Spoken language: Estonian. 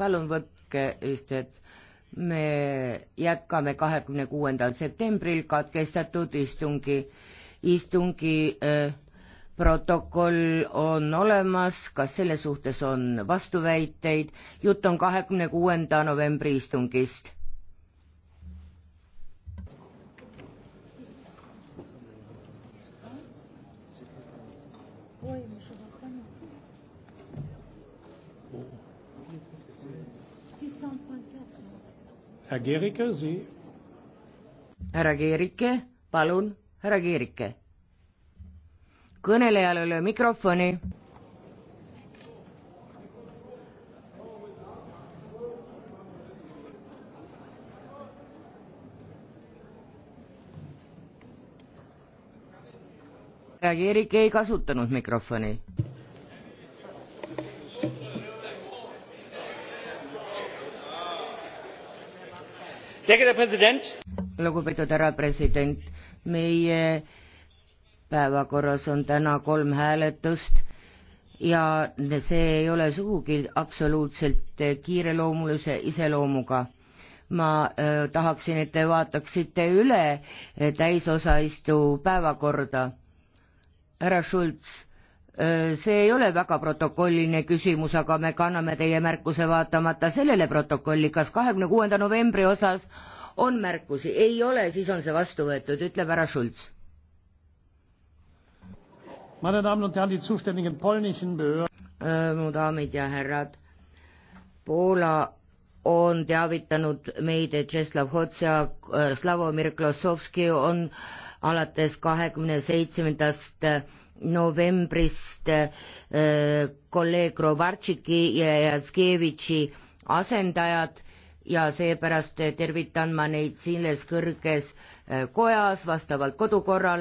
palun võtke istet. me jätkame kahekümne kuuendal septembril katkestatud istungi, istungi öö, äh, protokoll on olemas, kas selle suhtes on vastuväiteid, jutt on kahekümne kuuenda novembri istungist. oi, mis on härra Gerike, see. härra Gerike, palun, härra Gerike. kõnelejal ei ole mikrofoni. härra Gerike ei kasutanud mikrofoni. lugupeetud härra president, meie päevakorras on täna kolm hääletust ja see ei ole sugugi absoluutselt kiireloomulise iseloomuga. ma äh, tahaksin, et te vaataksite üle täisosa istu päevakorda. härra Schulz Äh, see ei ole väga protokolliline küsimus, aga me kanname teie märkuse vaatamata sellele protokolli, kas kahekümne kuuenda novembri osas on märkusi, ei ole, siis on see vastu võetud, ütleb härra Schulz. Äh, mu daamid ja härrad, Poola on teavitanud meid, et Tšeslav Hotsa, äh, Slavomir Klasovski on alates kahekümne seitsmendast novembrist äh, kolleeg Rovartšiki ja Jaskevitši asendajad ja seepärast tervitan ma neid selles kõrges äh, kojas vastavalt kodukorrale.